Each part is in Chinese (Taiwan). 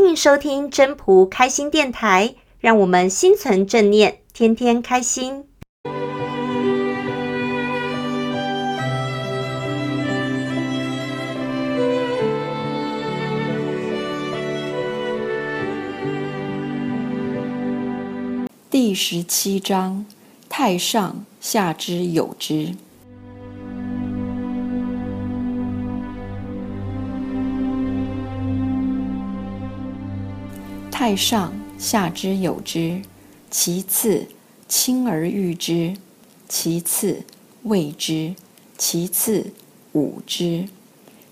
歡迎收聽真樸開心電台，讓我們心存正念，天天開心。第十七章：太上，下知有之。太上，下知有之，其次親而譽之，其次畏之，其次侮之。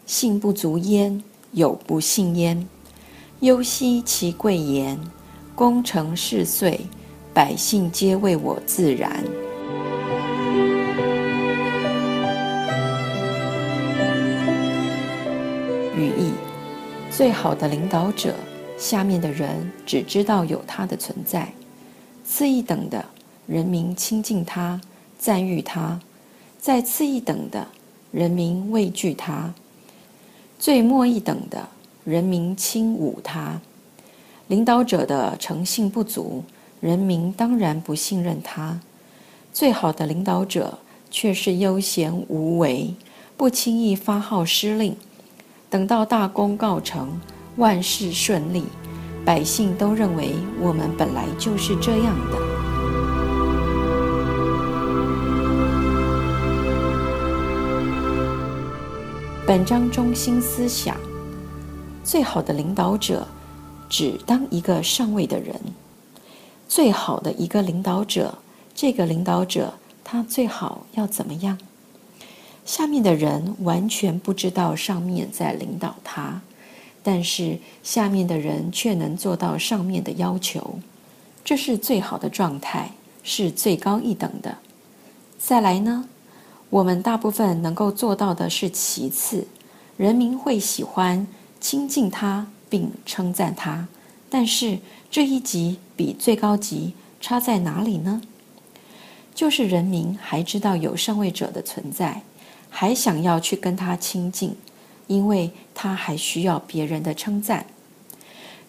信不足焉，有不信焉。悠兮其貴言，功成事遂，百姓皆謂我自然。語意：最好的領導者。下面的人只知道有他的存在，次一等的人民親近他，贊譽他；再次一等的人民畏懼他，最末一等的人民輕侮他。領導者的誠信不足，人民當然不信任他。最好的領導者卻是悠閒無為，不輕易發號施令，等到大功告成。萬事順利，百姓都認為我們本來就是這樣的。本章中心思想：最好的領導者，只當一個上位的人；最好的一個領導者，這個領導者他最好要怎麼樣？下面的人完全不知道上面在領導他。但是下面的人卻能做到上面的要求，這是最好的狀態，是最高一等的。再來呢？我們大部分能夠做到的是其次，人民會喜歡親近他並稱讚他。但是這一級比最高級差在哪裡呢？就是人民還知道有上位者的存在，還想要去跟他親近。因為他還需要別人的稱讚，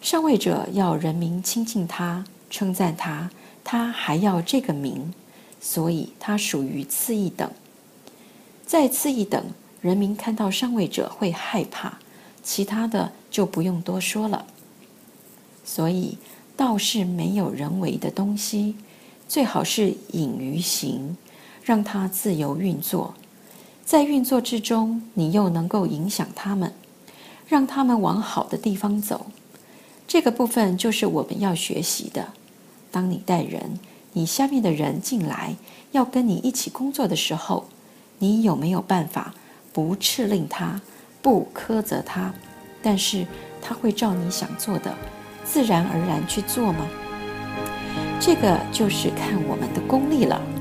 上位者要人民親近他、稱讚他，他還要這個名，所以他屬於次一等。再次一等，人民看到上位者會害怕，其他的就不用多說了。所以，道是沒有人為的東西，最好是隱於形，讓它自由運作。在運作之中，你又能夠影響他們，讓他們往好的地方走。這個部分就是我們要學習的。當你帶人，你下面的人進來要跟你一起工作的時候，你有沒有辦法不斥令他，不苛責他，但是他會照你想做的，自然而然去做嗎？這個就是看我們的功力了。